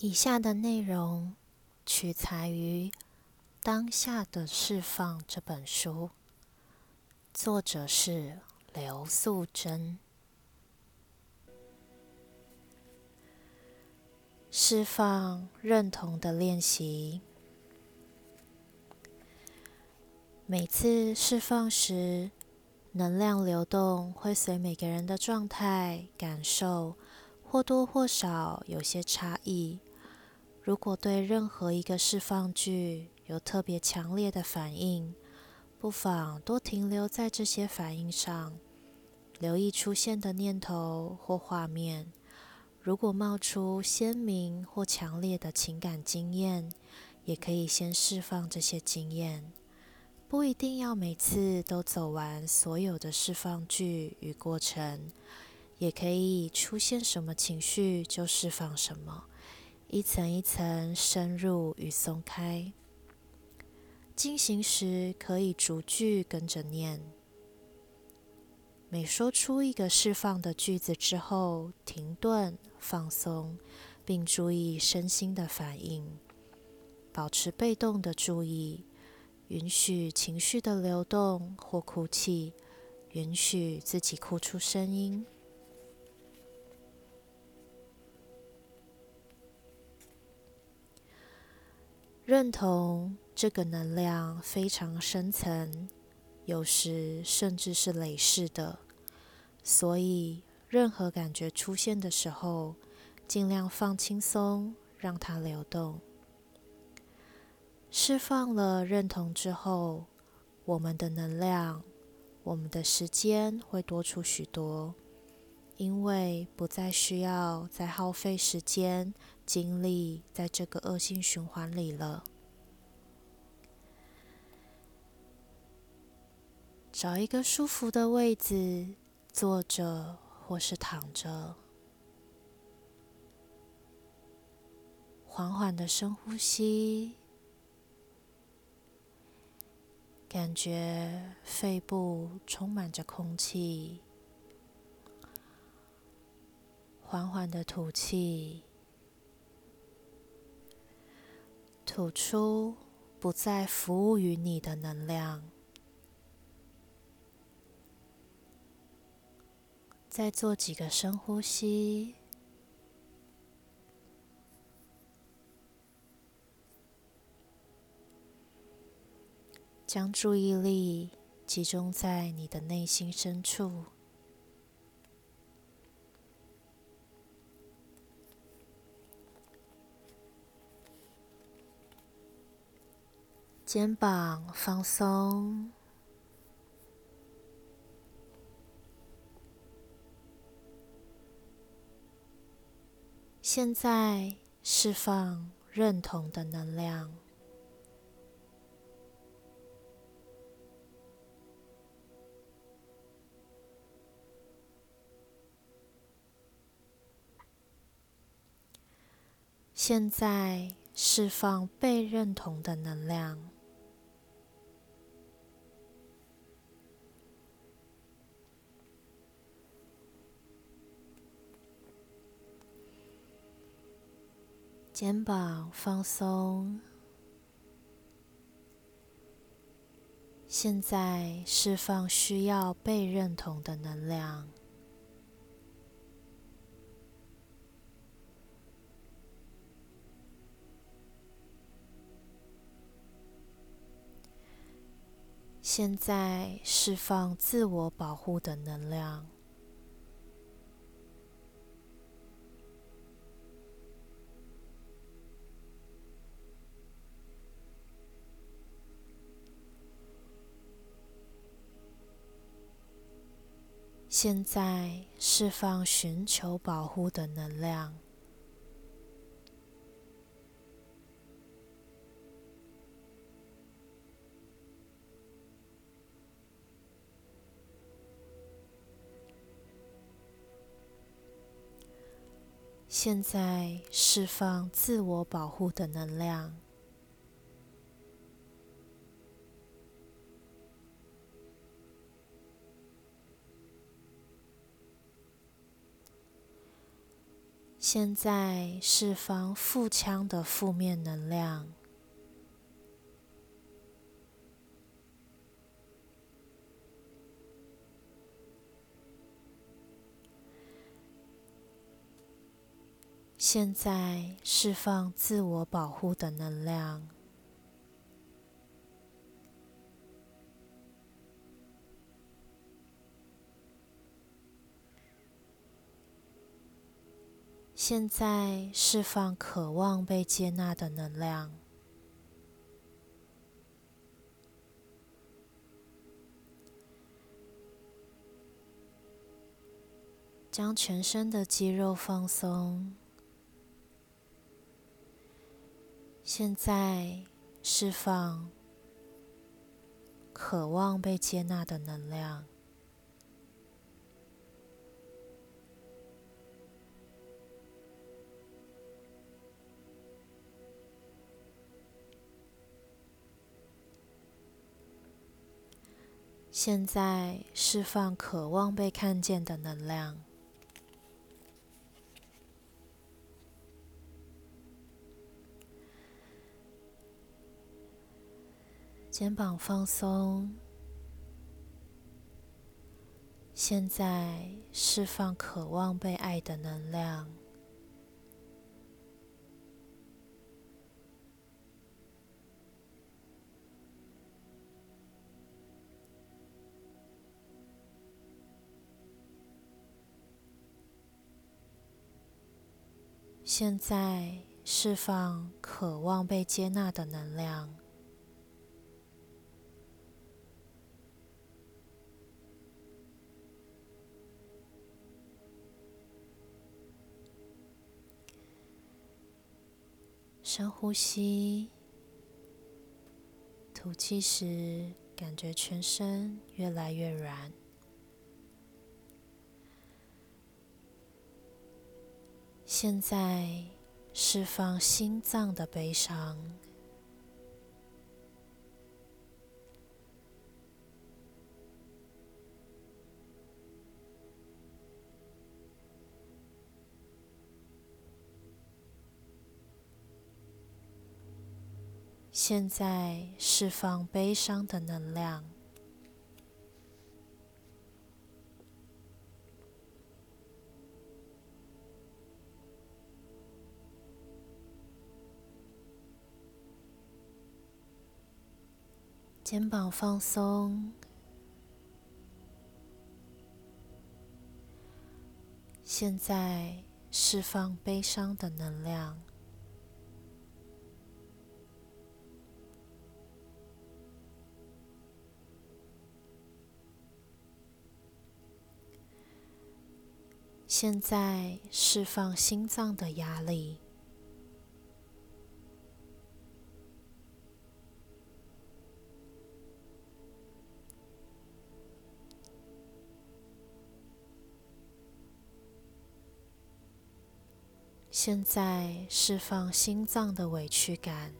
以下的內容取材於《當下的釋放》這本書，作者是劉素珍。釋放認同的練習，每次釋放時，能量流動會隨每個人的狀態感受或多或少有些差異。如果對任何一個釋放句有特別強烈的反應，不妨多停留在這些反應上，留意出現的念頭或畫面。如果冒出鮮明或強烈的情感經驗，也可以先釋放這些經驗。不一定要每次都走完所有的釋放句與過程，也可以出現什麼情緒就釋放什麼。一層一層深入與鬆開，進行時可以逐句跟着念。每說出一個釋放的句子之後，停頓放鬆，並注意身心的反應，保持被動的注意，允許情緒的流動或哭泣，允許自己哭出聲音。認同這個能量非常深層，有時甚至是累世的，所以任何感覺出現的時候，盡量放輕鬆，讓它流動。釋放了認同之後，我們的能量，我們的時間會多出許多。因為不再需要再耗費時間精力在這個惡性循環裡了。找一個舒服的位置坐着或是躺着，緩緩的深呼吸，感覺肺部充滿着空氣。緩緩的吐氣，吐出不再服務於你的能量。再做幾個深呼吸，將注意力集中在你的內心深處。肩膀放鬆。現在釋放認同的能量。現在釋放被認同的能量。肩膀放鬆，現在釋放需要被認同的能量，現在釋放自我保護的能量。現在釋放尋求保護的能量。現在釋放自我保護的能量。現在釋放腹腔的負面能量。現在釋放自我保護的能量。現在釋放渴望被接納的能量，將全身的肌肉放鬆。現在釋放渴望被接納的能量。現在釋放渴望被看見的能量，肩膀放鬆。現在釋放渴望被愛的能量。現在釋放渴望被接納的能量，深呼吸，吐氣時感覺全身越來越軟。現在釋放心臟的悲傷。現在釋放悲傷的能量。肩膀放鬆，現在釋放悲傷的能量，現在釋放心臟的壓力。現在釋放心臟的委屈感。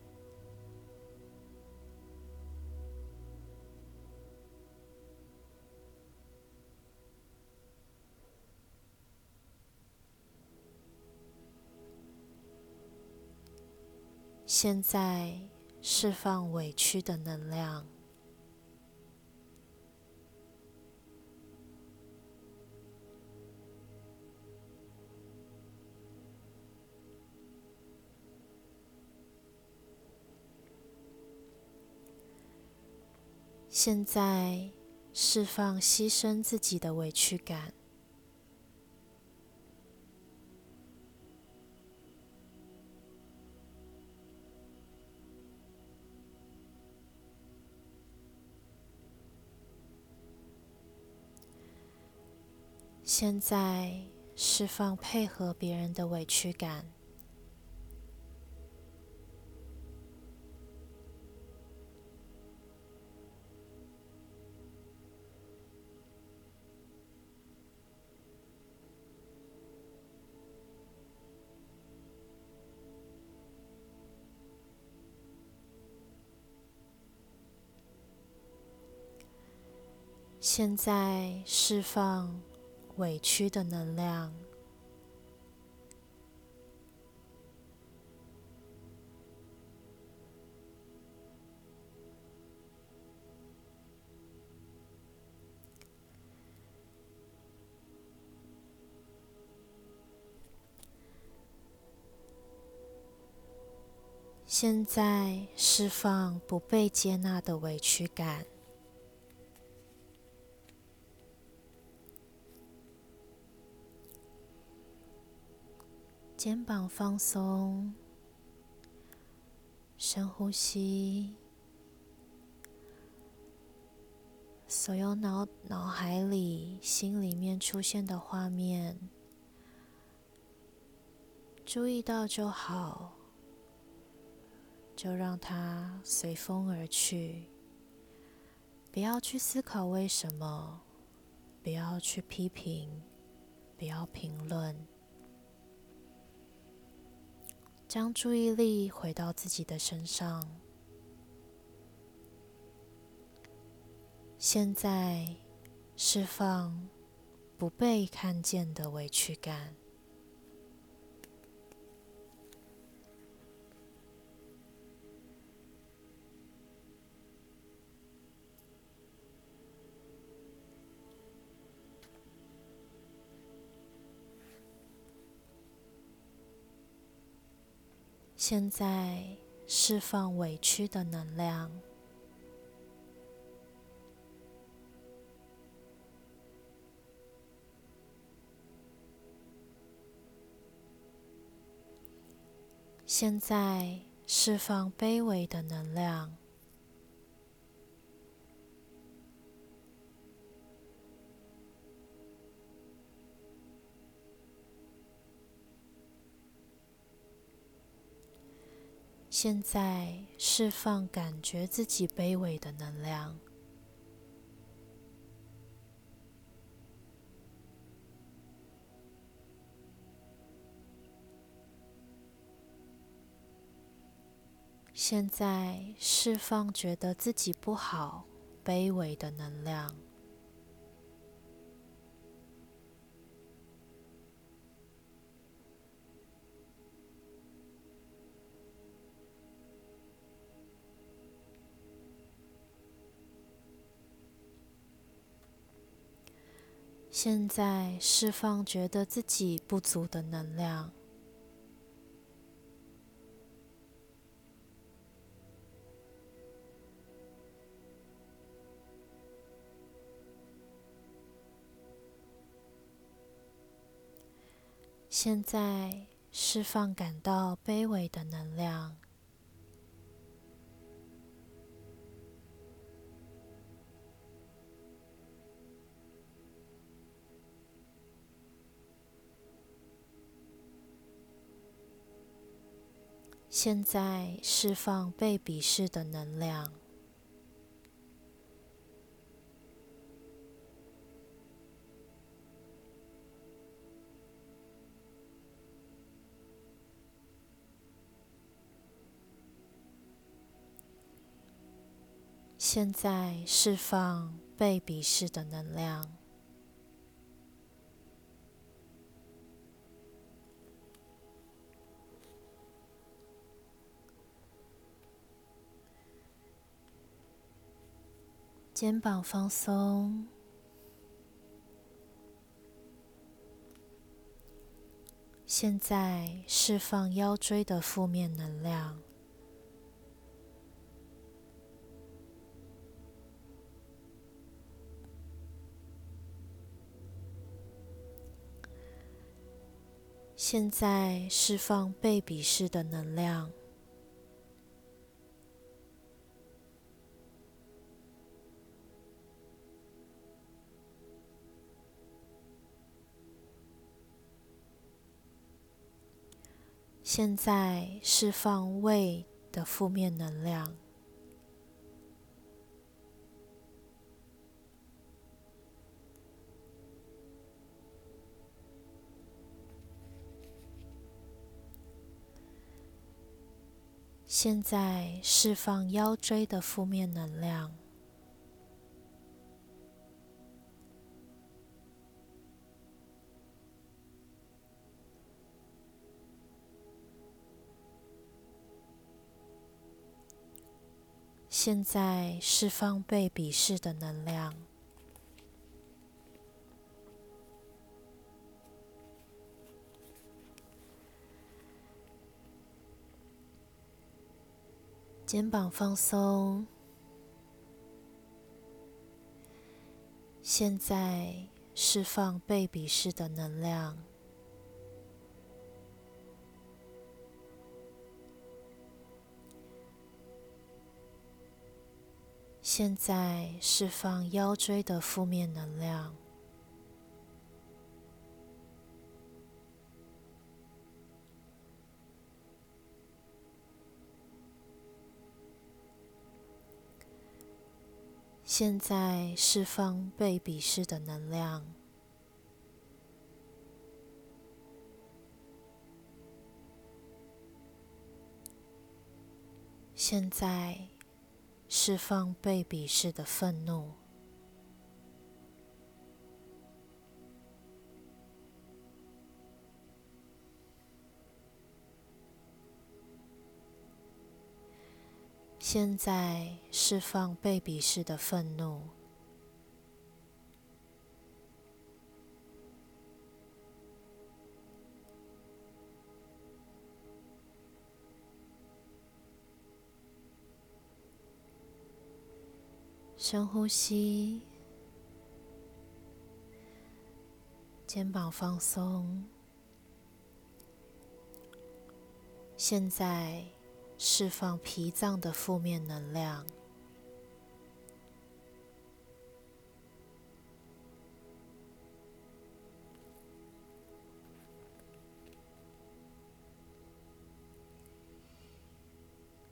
現在釋放委屈的能量。現在釋放犧牲自己的委屈感。現在釋放配合別人的委屈感。現在釋放委屈的能量。現在釋放不被接納的委屈感。肩膀放鬆，深呼吸。所有腦腦海裡、心裡面出現的畫面，注意到就好，就讓它隨風而去。不要去思考為什麼，不要去批評，不要評論。將注意力回到自己的身上，現在釋放不被看見的委屈感。現在釋放委屈的能量。現在釋放卑微的能量。現在釋放感覺自己卑微的能量。現在釋放覺得自己不好、卑微的能量。現在釋放覺得自己不足的能量。現在釋放感到卑微的能量。現在釋放被鄙視的能量。現在釋放被鄙視的能量。肩膀放鬆，現在釋放腰椎的負面能量，現在釋放被鄙視的能量。現在釋放胃的負面能量。現在釋放腰椎的負面能量。現在釋放被鄙視的能量，肩膀放鬆。現在釋放被鄙視的能量。現在釋放腰椎的負面能量。現在釋放被鄙視的能量。現在。釋放被鄙視的憤怒。現在釋放被鄙視的憤怒。深呼吸，肩膀放鬆。現在釋放脾臟的負面能量。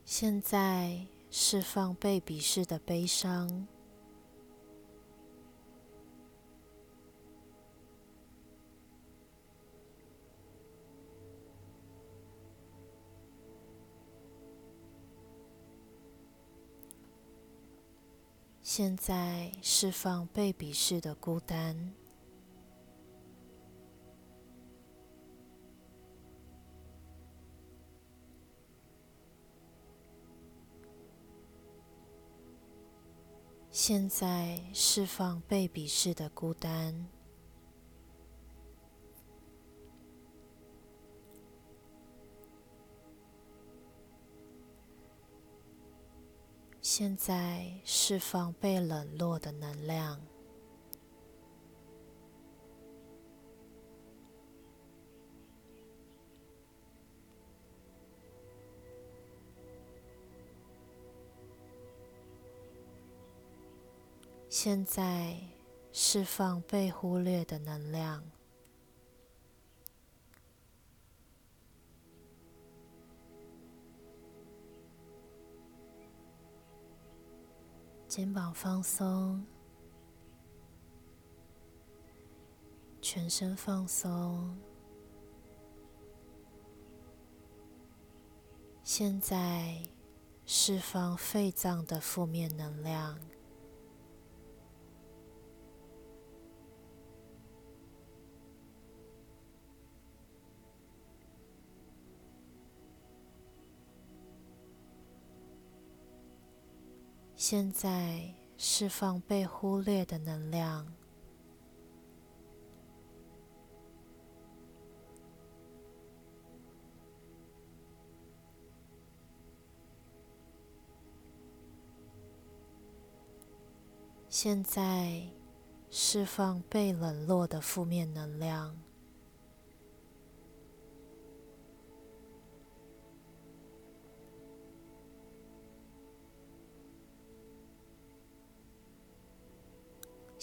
現在。釋放被鄙視的悲傷，現在釋放被鄙視的孤單。現在釋放被鄙視的孤單。現在釋放被冷落的能量。現在釋放被忽略的能量，肩膀放鬆，全身放鬆。現在釋放肺臟的負面能量。現在釋放被忽略的能量。現在釋放被冷落的負面能量。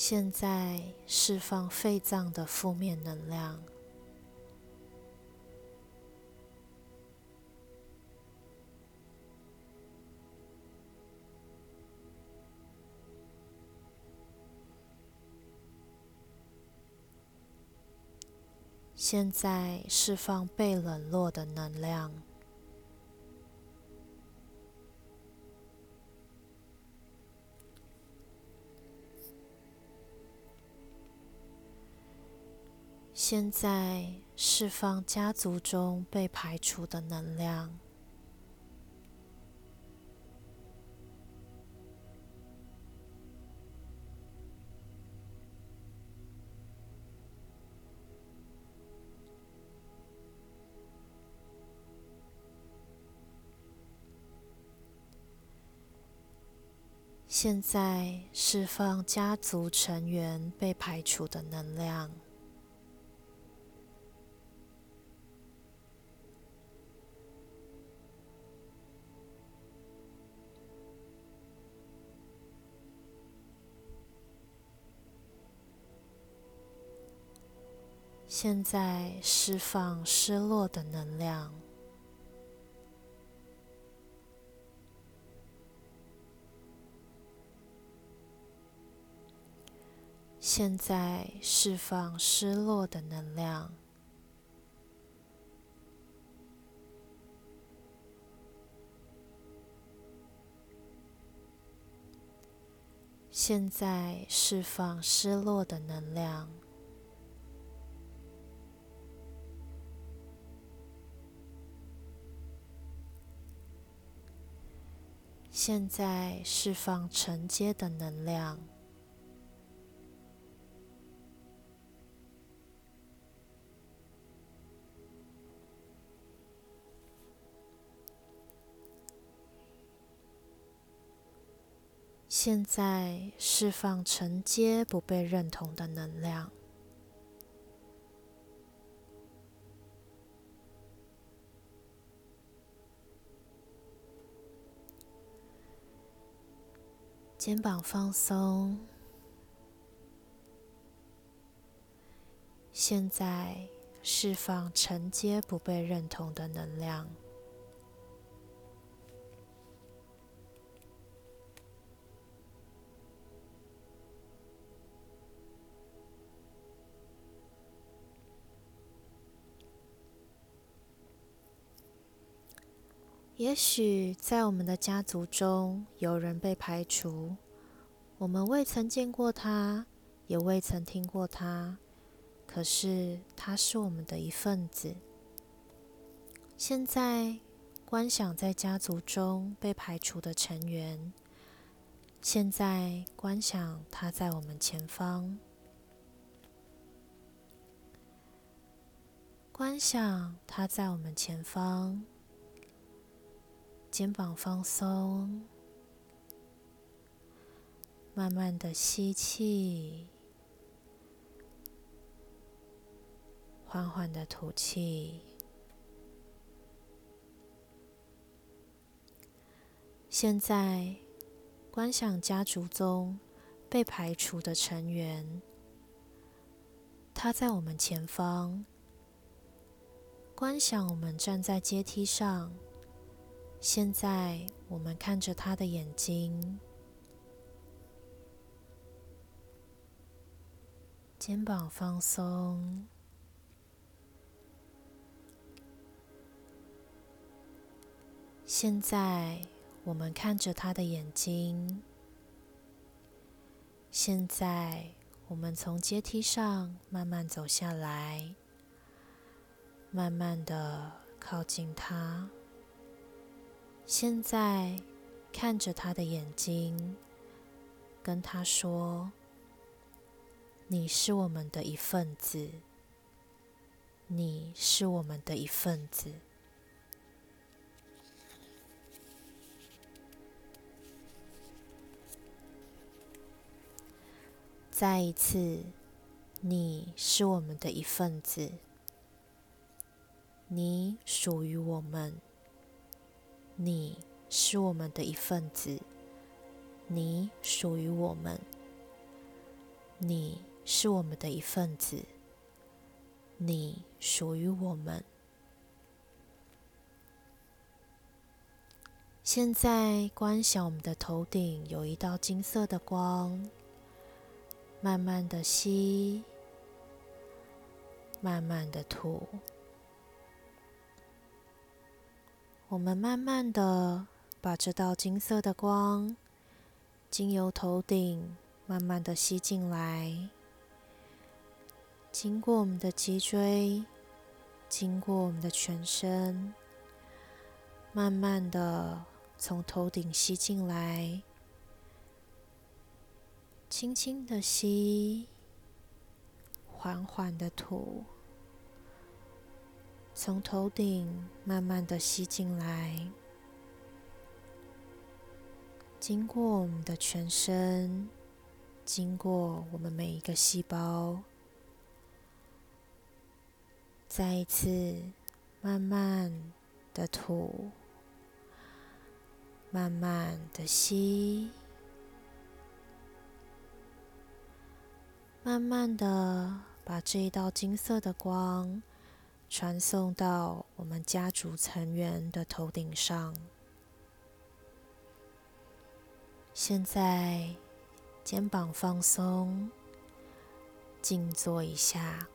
現在釋放廢葬的負面能量。現在釋放被冷落的能量。現在釋放家族中被排除的能量。現在釋放家族成員被排除的能量。現在釋放失落的能量。現在釋放失落的能量。現在釋放失落的能量。現在釋放承接的能量。現在釋放承接不被認同的能量。肩膀放鬆，現在釋放承接不被認同的能量。也許在我們的家族中，有人被排除，我們未曾見過他，也未曾聽過他。可是他是我們的一份子。現在觀想在家族中被排除的成員。現在觀想他在我們前方。觀想他在我們前方。肩膀放鬆，慢慢的吸氣，緩緩的吐氣。現在觀想家族中被排除的成員，他在我們前方。觀想我們站在階梯上。現在我們看着他的眼睛，肩膀放鬆。現在我們看着他的眼睛。現在我們從階梯上慢慢走下來，慢慢的靠近他。現在看着他的眼睛，跟他說：“你是我們的一份子，你是我們的一份子。”再一次，你是我們的一份子，你屬於我們。你是我們的一份子，你屬於我們。你是我們的一份子，你屬於我們。現在觀想我們的頭頂有一道金色的光，慢慢的吸，慢慢的吐。我們慢慢的把這道金色的光，經由頭頂慢慢的吸進來，經過我們的脊椎，經過我們的全身，慢慢的從頭頂吸進來，輕輕的吸，緩緩的吐。從頭頂慢慢的吸進來，經過我們的全身，經過我們每一個細胞，再一次，慢慢的吐，慢慢的吸，慢慢的把這一道金色的光。傳送到我們家族成員的頭頂上。現在肩膀放鬆，靜坐一下。